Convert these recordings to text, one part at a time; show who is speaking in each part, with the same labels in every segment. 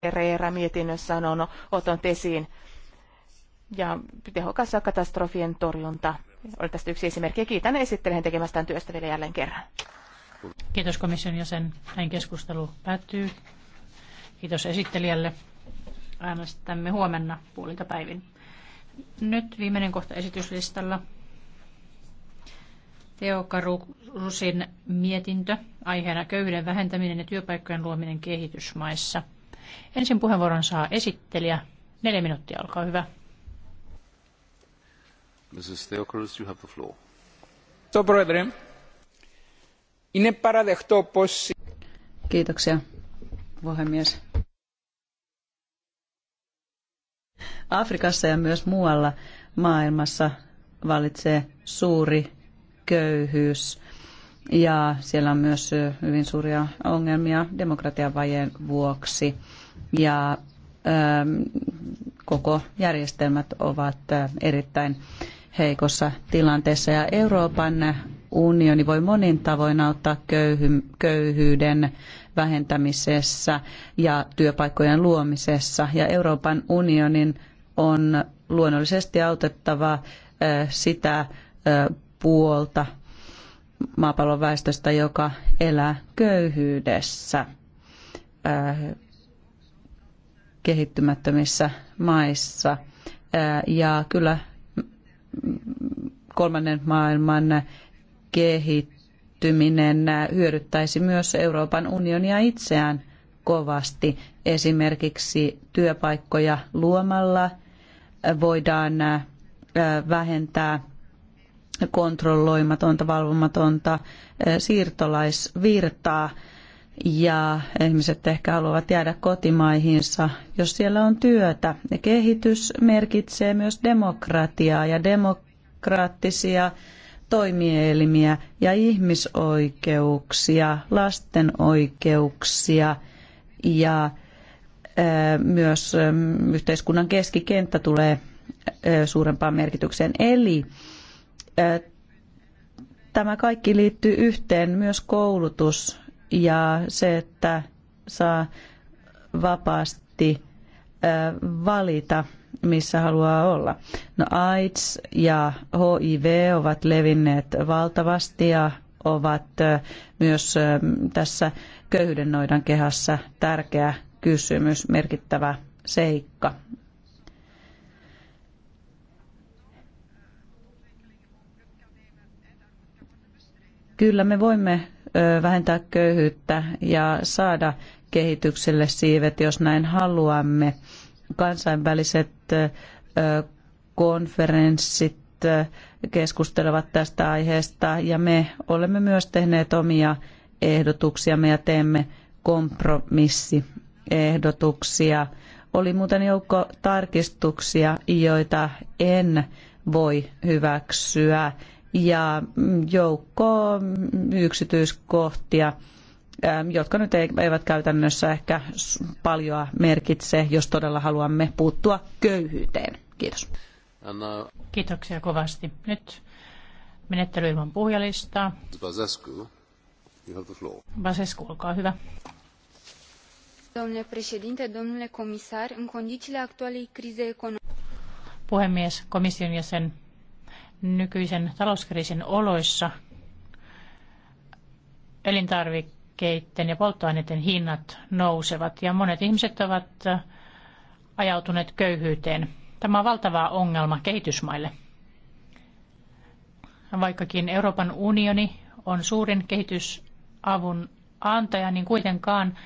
Speaker 1: Pereira mietinnössään on no, ottanut esiin. Ja tehokas katastrofien torjunta oli tästä yksi esimerkki. Kiitän esittelijän tekemästään työstä vielä jälleen kerran.
Speaker 2: Kiitos komission jäsen. Näin keskustelu päättyy. Kiitos esittelijälle. Äänestämme huomenna puolilta päivin. Nyt viimeinen kohta esityslistalla. Teo Karusin mietintö aiheena köyhyyden vähentäminen ja työpaikkojen luominen kehitysmaissa. Ensin puheenvuoron saa esittelijä. Neljä minuuttia, olkaa hyvä.
Speaker 1: Mrs. Theocarous, you have the floor. So, Πρόεδρε, είναι
Speaker 3: Kiitoksia, puhemies. Afrikassa ja myös muualla maailmassa vallitsee suuri köyhyys ja siellä on myös hyvin suuria ongelmia vajeen vuoksi. Ja koko järjestelmät ovat erittäin heikossa tilanteessa ja Euroopan unioni voi monin tavoin auttaa köyhyyden vähentämisessä ja työpaikkojen luomisessa ja Euroopan unionin on luonnollisesti autettava sitä puolta maapallon väestöstä, joka elää köyhyydessä kehittymättömissä maissa. Ja kyllä kolmannen maailman kehittyminen hyödyttäisi myös Euroopan unionia itseään kovasti. Esimerkiksi työpaikkoja luomalla voidaan vähentää kontrolloimatonta, valvomatonta siirtolaisvirtaa ja ihmiset ehkä haluavat jäädä kotimaihinsa, jos siellä on työtä. Ja kehitys merkitsee myös demokratiaa ja demokraattisia toimielimiä ja ihmisoikeuksia, lasten oikeuksia ja myös yhteiskunnan keskikenttä tulee suurempaan merkitykseen. Eli Tämä kaikki liittyy yhteen myös koulutus ja se, että saa vapaasti valita, missä haluaa olla. No AIDS ja HIV ovat levinneet valtavasti ja ovat myös tässä köyhyyden noidan kehässä tärkeä kysymys, merkittävä seikka. Kyllä me voimme vähentää köyhyyttä ja saada kehitykselle siivet, jos näin haluamme. Kansainväliset konferenssit keskustelevat tästä aiheesta ja me olemme myös tehneet omia ehdotuksiamme ja teemme kompromissiehdotuksia. Oli muuten joukko tarkistuksia, joita en voi hyväksyä ja joukko yksityiskohtia, ähm, jotka nyt eivät käytännössä ehkä paljoa merkitse, jos todella haluamme puuttua köyhyyteen. Kiitos.
Speaker 2: Kiitoksia kovasti. Nyt menettely ilman puhujalistaa.
Speaker 1: Basescu,
Speaker 2: Basescu, olkaa hyvä.
Speaker 1: Domnule președinte, domnule comisar, în condițiile actualei crize economice...
Speaker 2: Puhemies, komission jäsen, nykyisen talouskriisin oloissa elintarvikkeiden ja polttoaineiden hinnat nousevat ja monet ihmiset ovat ajautuneet köyhyyteen. Tämä on valtava ongelma kehitysmaille. Vaikkakin Euroopan unioni on suurin kehitysavun antaja, niin kuitenkaan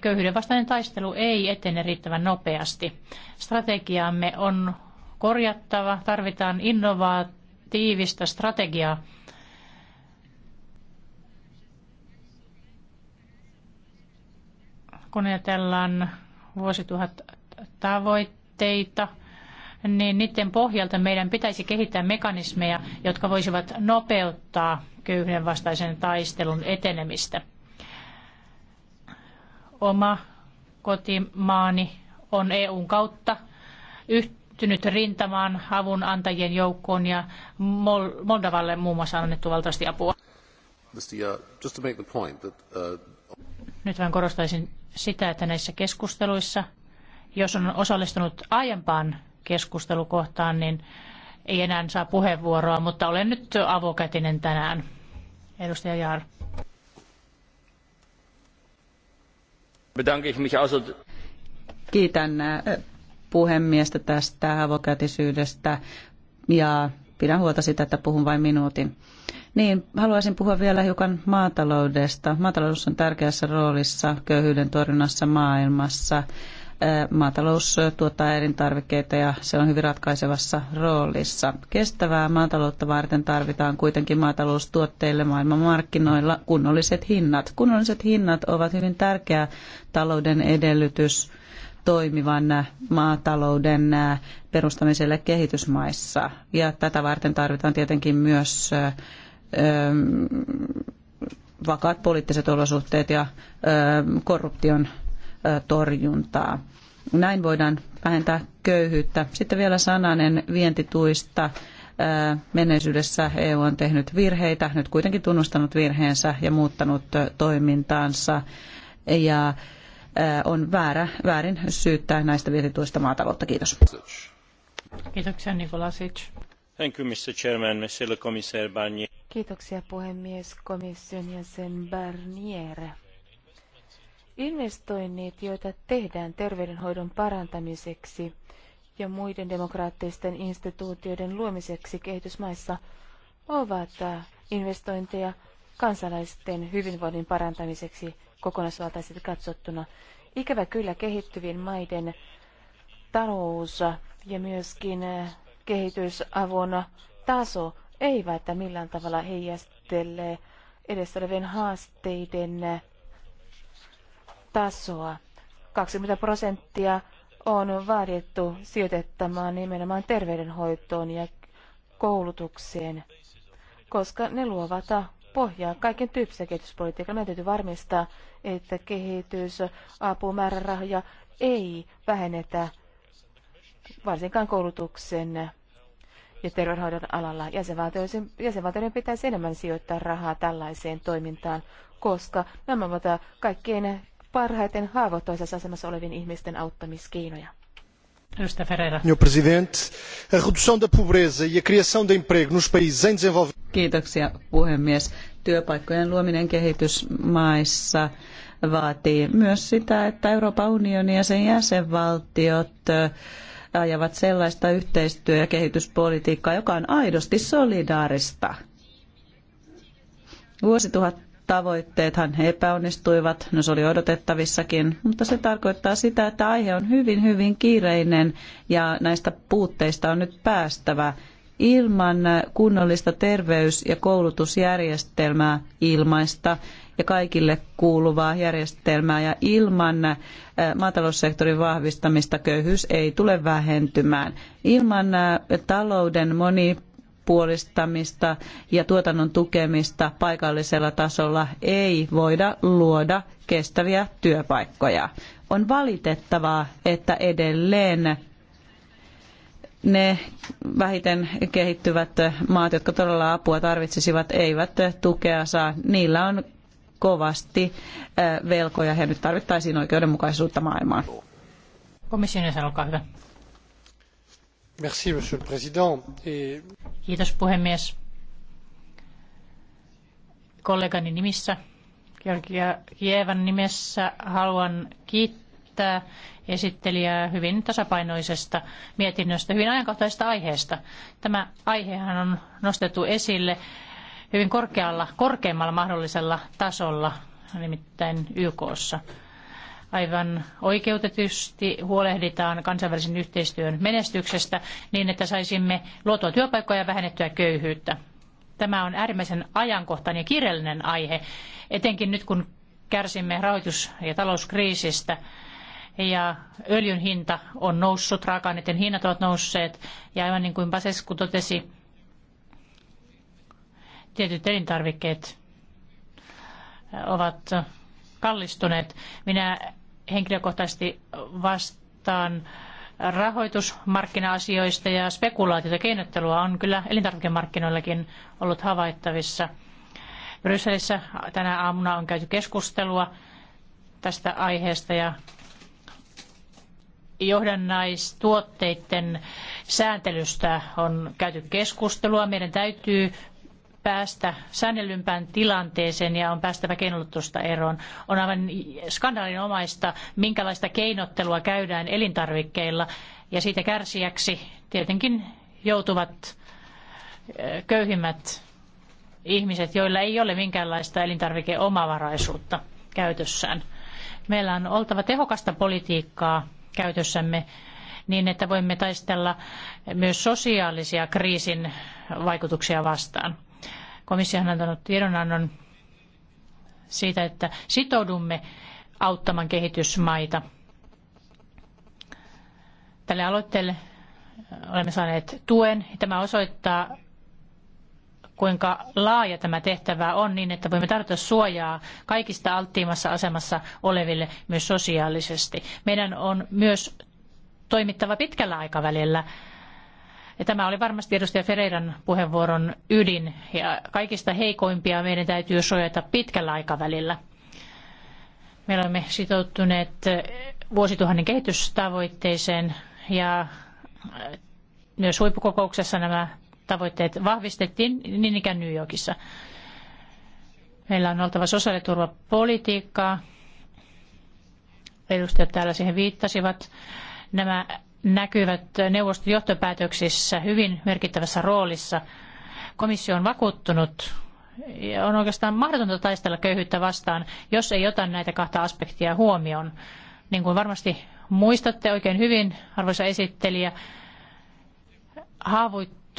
Speaker 2: köyhyyden vastainen taistelu ei etene riittävän nopeasti. Strategiaamme on korjattava, tarvitaan innovaatio tiivistä strategiaa. Kun ajatellaan vuosituhat tavoitteita, niin niiden pohjalta meidän pitäisi kehittää mekanismeja, jotka voisivat nopeuttaa köyhyyden vastaisen taistelun etenemistä. Oma kotimaani on EUn kautta liittynyt rintamaan avun antajien joukkoon ja Moldavalle muun muassa annettu valtavasti apua. Uh, nyt vain korostaisin sitä, että näissä keskusteluissa, jos on osallistunut aiempaan keskustelukohtaan, niin ei enää saa puheenvuoroa, mutta olen nyt avokätinen tänään. Edustaja Jaar.
Speaker 3: Kiitän äh, puhemiestä tästä avokätisyydestä ja pidän huolta sitä, että puhun vain minuutin. Niin, haluaisin puhua vielä hiukan maataloudesta. Maatalous on tärkeässä roolissa köyhyyden torjunnassa maailmassa. Maatalous tuottaa elintarvikkeita ja se on hyvin ratkaisevassa roolissa. Kestävää maataloutta varten tarvitaan kuitenkin maataloustuotteille maailmanmarkkinoilla kunnolliset hinnat. Kunnolliset hinnat ovat hyvin tärkeä talouden edellytys – toimivan maatalouden äh, perustamiselle kehitysmaissa. Ja tätä varten tarvitaan tietenkin myös äh, ähm, vakaat poliittiset olosuhteet ja ähm, korruption äh, torjuntaa. Näin voidaan vähentää köyhyyttä. Sitten vielä sananen vientituista. Menneisyydessä EU on tehnyt virheitä, nyt kuitenkin tunnustanut virheensä ja muuttanut toimintaansa. Ja on väärä, väärin syyttää näistä vietituista maataloutta. Kiitos.
Speaker 2: Kiitoksia Nikolasic.
Speaker 3: Thank you, Mr. Chairman, Mr. Commissaire Barnier.
Speaker 1: Kiitoksia puhemies komission jäsen Barnier. Investoinnit, joita tehdään terveydenhoidon parantamiseksi ja muiden demokraattisten instituutioiden luomiseksi kehitysmaissa, ovat investointeja, kansalaisten hyvinvoinnin parantamiseksi kokonaisvaltaisesti katsottuna. Ikävä kyllä kehittyvien maiden talous ja myöskin eh, kehitysavun taso eivät millään tavalla heijastele edessä olevien haasteiden eh, tasoa. 20 prosenttia on vaadittu sijoitettamaan nimenomaan terveydenhoitoon ja koulutukseen, koska ne luovat pohjaa kaiken tyyppisen kehityspolitiikan. Meidän täytyy varmistaa, että kehitysapumäärärahoja ei vähennetä varsinkaan koulutuksen ja terveydenhoidon alalla. Jäsenvaltioiden, jäsenvaltioiden pitäisi enemmän sijoittaa rahaa tällaiseen toimintaan, koska nämä ovat kaikkein parhaiten haavoittuvassa asemassa olevien ihmisten auttamiskeinoja.
Speaker 2: Senhor Presidente, a redução da pobreza e a
Speaker 1: criação de emprego nos países em desenvolvimento.
Speaker 3: Kiitoksia puhemies työpaikkojen luominen kehitysmaissa vaatii myös sitä, että Euroopan unioni ja sen jäsenvaltiot ajavat sellaista yhteistyö- ja kehityspolitiikkaa, joka on aidosti solidaarista. Vuosituhat tavoitteethan epäonnistuivat, no se oli odotettavissakin, mutta se tarkoittaa sitä, että aihe on hyvin, hyvin kiireinen ja näistä puutteista on nyt päästävä ilman kunnollista terveys- ja koulutusjärjestelmää ilmaista ja kaikille kuuluvaa järjestelmää ja ilman äh, maataloussektorin vahvistamista köyhyys ei tule vähentymään. Ilman äh, talouden monipuolistamista ja tuotannon tukemista paikallisella tasolla ei voida luoda kestäviä työpaikkoja. On valitettavaa, että edelleen ne vähiten kehittyvät maat, jotka todella apua tarvitsisivat, eivät tukea saa. Niillä on kovasti velkoja ja nyt tarvittaisiin oikeudenmukaisuutta maailmaan.
Speaker 2: Komission jäsen, olkaa hyvä. Merci, monsieur le président. Kiitos puhemies. Kollegani nimissä, Georgia Kievan nimessä, haluan kiittää kiittää esittelijää hyvin tasapainoisesta mietinnöstä, hyvin ajankohtaisesta aiheesta. Tämä aihehan on nostettu esille hyvin korkealla, korkeimmalla mahdollisella tasolla, nimittäin YKssa. Aivan oikeutetusti huolehditaan kansainvälisen yhteistyön menestyksestä niin, että saisimme luotua työpaikkoja ja vähennettyä köyhyyttä. Tämä on äärimmäisen ajankohtainen ja kiireellinen aihe, etenkin nyt kun kärsimme rahoitus- ja talouskriisistä ja öljyn hinta on noussut, raaka-aineiden hinnat ovat nousseet ja aivan niin kuin Basescu totesi, tietyt elintarvikkeet äh, ovat kallistuneet. Minä henkilökohtaisesti vastaan rahoitusmarkkina-asioista ja spekulaatiota keinottelua on kyllä elintarvikemarkkinoillakin ollut havaittavissa. Brysselissä tänä aamuna on käyty keskustelua tästä aiheesta ja johdannaistuotteiden sääntelystä on käyty keskustelua. Meidän täytyy päästä säännellympään tilanteeseen ja on päästävä keinotusta eroon. On aivan skandaalinomaista, minkälaista keinottelua käydään elintarvikkeilla ja siitä kärsijäksi tietenkin joutuvat eh, köyhimmät ihmiset, joilla ei ole minkäänlaista elintarvikeomavaraisuutta käytössään. Meillä on oltava tehokasta politiikkaa käytössämme niin, että voimme taistella myös sosiaalisia kriisin vaikutuksia vastaan. Komissio on antanut tiedonannon siitä, että sitoudumme auttamaan kehitysmaita. Tälle aloitteelle olemme saaneet tuen. Tämä osoittaa kuinka laaja tämä tehtävä on niin, että voimme tarjota suojaa kaikista alttiimmassa asemassa oleville myös sosiaalisesti. Meidän on myös toimittava pitkällä aikavälillä. Ja tämä oli varmasti edustaja Ferreiran puheenvuoron ydin. Ja kaikista heikoimpia meidän täytyy suojata pitkällä aikavälillä. Me olemme sitoutuneet vuosituhannen kehitystavoitteeseen ja myös huippukokouksessa nämä tavoitteet vahvistettiin niin ikään New Yorkissa. Meillä on oltava sosiaaliturvapolitiikkaa. Edustajat täällä siihen viittasivat. Nämä näkyvät neuvoston johtopäätöksissä hyvin merkittävässä roolissa. Komissio on vakuuttunut ja on oikeastaan mahdotonta taistella köyhyyttä vastaan, jos ei ota näitä kahta aspektia huomioon. Niin kuin varmasti muistatte oikein hyvin, arvoisa esittelijä,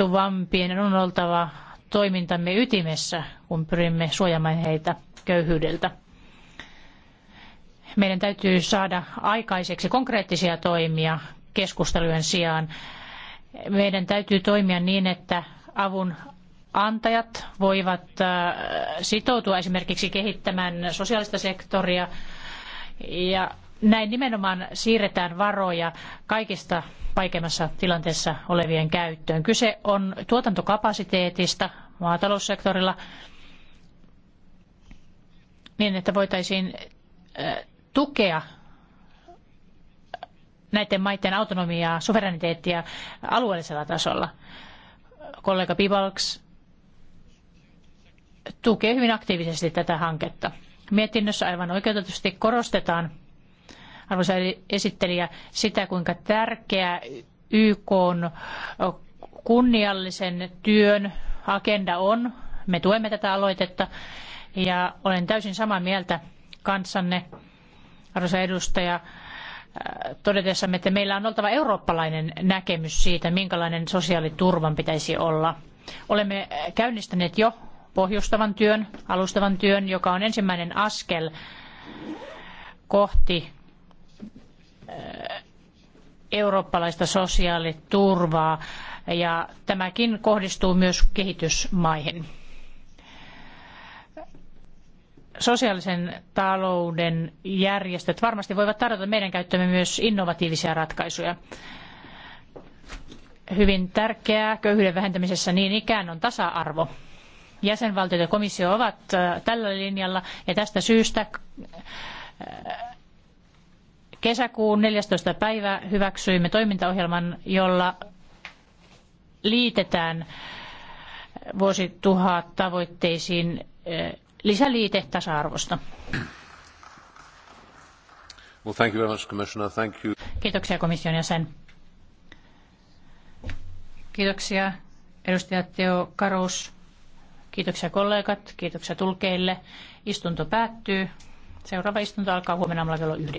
Speaker 2: haavoittuvampien on oltava toimintamme ytimessä, kun pyrimme suojamaan heitä köyhyydeltä. Meidän täytyy saada aikaiseksi konkreettisia toimia keskustelujen sijaan. Meidän täytyy toimia niin, että avun antajat voivat äh, sitoutua esimerkiksi kehittämään sosiaalista sektoria ja näin nimenomaan siirretään varoja kaikista vaikeimmassa tilanteessa olevien käyttöön. Kyse on tuotantokapasiteetista maataloussektorilla niin, että voitaisiin tukea näiden maiden autonomiaa, suvereniteettia alueellisella tasolla. Kollega Pibalks tukee hyvin aktiivisesti tätä hanketta. Mietinnössä aivan oikeutetusti korostetaan arvoisa esittelijä, sitä kuinka tärkeä YK on kunniallisen työn agenda on. Me tuemme tätä aloitetta ja olen täysin samaa mieltä kanssanne, arvoisa edustaja, äh, todetessamme, että meillä on oltava eurooppalainen näkemys siitä, minkälainen sosiaaliturvan pitäisi olla. Olemme käynnistäneet jo pohjustavan työn, alustavan työn, joka on ensimmäinen askel kohti eurooppalaista sosiaaliturvaa ja tämäkin kohdistuu myös kehitysmaihin. Sosiaalisen talouden järjestöt varmasti voivat tarjota meidän käyttöömme myös innovatiivisia ratkaisuja. Hyvin tärkeää köyhyyden vähentämisessä niin ikään on tasa-arvo jäsenvaltiot ja komissio ovat tällä linjalla ja tästä syystä Kesäkuun 14. päivä hyväksyimme toimintaohjelman, jolla liitetään vuosituhat tavoitteisiin eh, lisäliite tasa-arvosta.
Speaker 3: Well, thank you very much, Commissioner. Thank you.
Speaker 2: Kiitoksia komission jäsen. Kiitoksia edustaja Teo Karus. Kiitoksia kollegat, kiitoksia tulkeille. Istunto päättyy. Seuraava istunto alkaa huomenna kello 9.